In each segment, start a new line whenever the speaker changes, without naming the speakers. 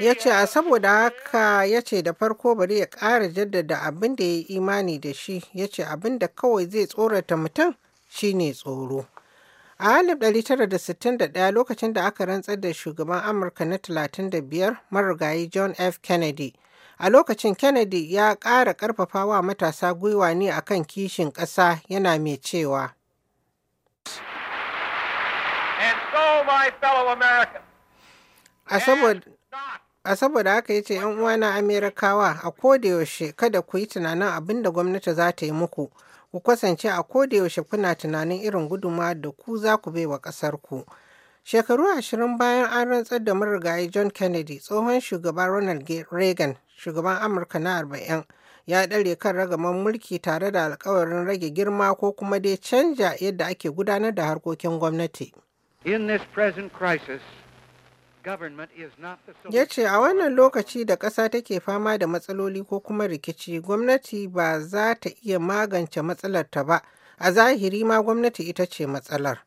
ya ce a saboda haka ya ce da farko bari ya ƙara jaddada abin da ya yi imani da shi ya ce abin da kawai zai tsorata mutum shine tsoro a 1961 lokacin da aka rantsar da shugaban amurka na 35 marigayi john f kennedy a lokacin kennedy ya ƙara ƙarfafa wa matasa gwiwa ne akan kishin ƙasa yana mai cewa A saboda a saboda haka ya ce ‘yan uwana Amerikawa a yaushe kada ku yi tunanin abin da gwamnati za ta yi muku, ku kasance a kodayaushe kuna tunanin irin guduma da ku za ku bai wa ku Shekaru ashirin bayan an rantsar da marigayi John Kennedy, tsohon shugaban Ronald Reagan, shugaban Amurka na arba'in, ya ɗare kan ragaman mulki tare da alkawarin rage girma ko kuma dai canja yadda ake gudanar da harkokin gwamnati. Ya ce a wannan lokaci da ƙasa take fama da matsaloli ko kuma rikici, gwamnati ba za ta iya magance matsalar ta ba, a zahiri ma gwamnati ita ce matsalar.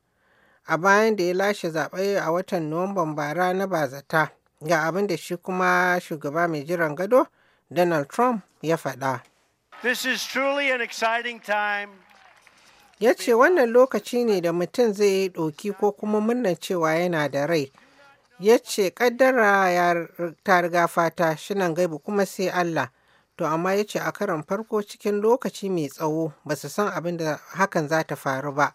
A bayan da ya lashe zaɓe a watan Nuwamban bara na bazata, ga abin da shi kuma shugaba mai jiran gado, Donald Trump ya faɗa. This truly an time ya ce wannan lokaci ne da mutum zai yi ɗoki ko kuma murnar cewa yana da rai ya ce ƙaddara ya ta riga fata shinan gaibu kuma sai Allah to amma ya ce a karon farko cikin lokaci mai tsawo ba su san abin da hakan za ta faru ba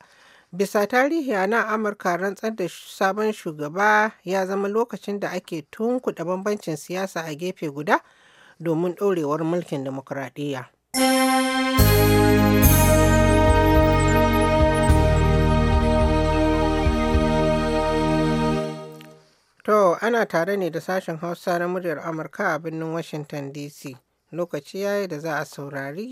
bisa tarihi a nan amurka rantsar da sabon shugaba ya zama lokacin da ake tunkuɗa bambancin siyasa a gefe guda domin ɗorewar mulkin demokuraɗiyya. To, ana tare ne da sashen Hausa na muryar Amurka a birnin Washington DC. Lokaci yayi da za a saurari